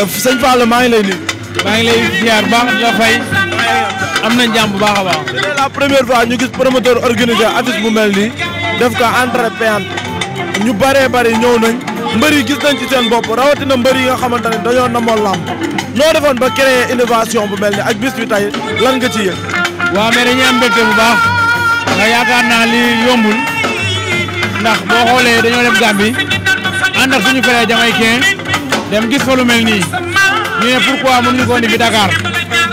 Euh, sëñ Fallou maa ngi lay nuyu. maa ngi lay ziar baax la fay. am nañ jàmm bu baax a première fois ñu gis promoteur organisé affiche bu mel nii def ko entrée payante ñu bëree bëri ñëw nañ mbër yi gis nañ ci seen bopp rawatina mbër yi xamante ne dañoo namoo làmb noo defoon ba créer innovation bu mel ni ak bis bi lan nga ci yëg. waaw mais dañuy am mbégte bu baax ndax yaakaar naa li yombul ndax boo xoolee dañoo dem Gambie ànd ak suñu frère jamaïcain dem gis fa lu mel nii ñu ne pourquoi mënuñu ko indi fi Dakar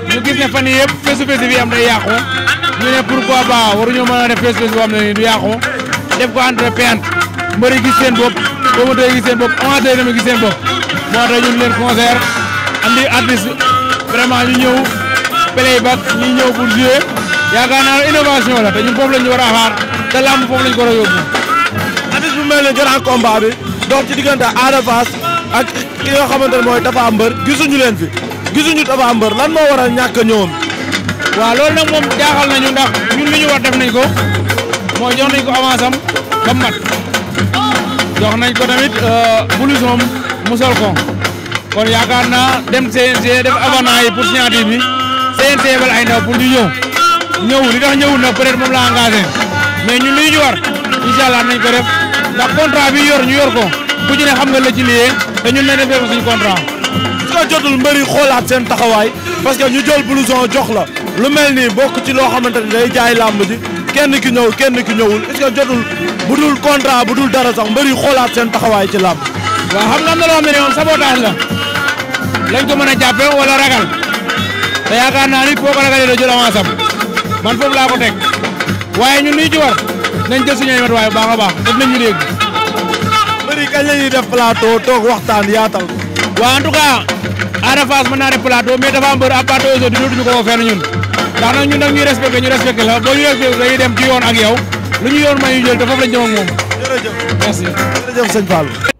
ñu gis ne fan yii yëpp fesu fesu bi am day yàqu ñu ne pourquoi ba waruñoo mën a def fesu fesu boo xam ne nii du yàqu def ko entre pente mbëri gis seen bopp promoteurs yi gis seen bopp amateurs yi gis seen bopp moo tax ñu leen concert andi artiste vraiment ñu ñëw playback ñu ñëw pour jouer yaakaar naa innovation la te ñun foofu la war a xaar te foofu la ko war a yóbbu. artiste bu mel ne grand combat bi ci diggante ki nga xamante ne mooy Tapha Mbeur gisuñu leen fi gisuñu Tapha Mbeur lan moo waral ñàkk a ñëwoon. waaw loolu nag moom jaaxal nañu ndax ñun li ñu war def nañ ko mooy jox nañ ko avance am ba mat jox nañ ko tamit euh, bulus moom mu sol ko kon yaakaar naa dem CNG def avantage yi pour signature bi ay ndaw pour ñu ñëw ñëw li tax ñëwul nag peut-être moom la engagé mais ñun li ñu war incha allah nañ ko def ndax contrat bi yor ñu yor ko. ku ci ne xam nga la ci lié ne ñun na defee suñu contrat. su ko jotul xoolaat seen taxawaay parce que ñu jël blouson jox la lu mel nii bokk ci loo xamante ne day jaay làmb kenn ki ñëw kenn ki ñëwul est-ce que jotul bu dul contrat bu dul dara sax mbëri xoolaat seen taxawaay ci làmb. waaw xam nga am na loo xam ne moom sabotage la lañ ko mën a jàppee wala ragal te yaakaar naa nit boo ko ragalee da jël man foofu laa ko teg waaye ñu ci war nañ jël a baax def nañ ñu yi kañ la ñuy def plateau toog waxtaan yaatal ko. waaw en tout cas Ada Fass mën naa def plateau mais dafa am bër à partir d'aujourd'hui dootuñu ko woo fenn ñun. ndax nag ñun nag ñuy respecté ñu respecté la boo ñu respecté dañuy dem ci yoon ak yow lu ñu yoon may ñu jël te foofu lañ jëm ak moom. merci jërëjëf sëñ Fall.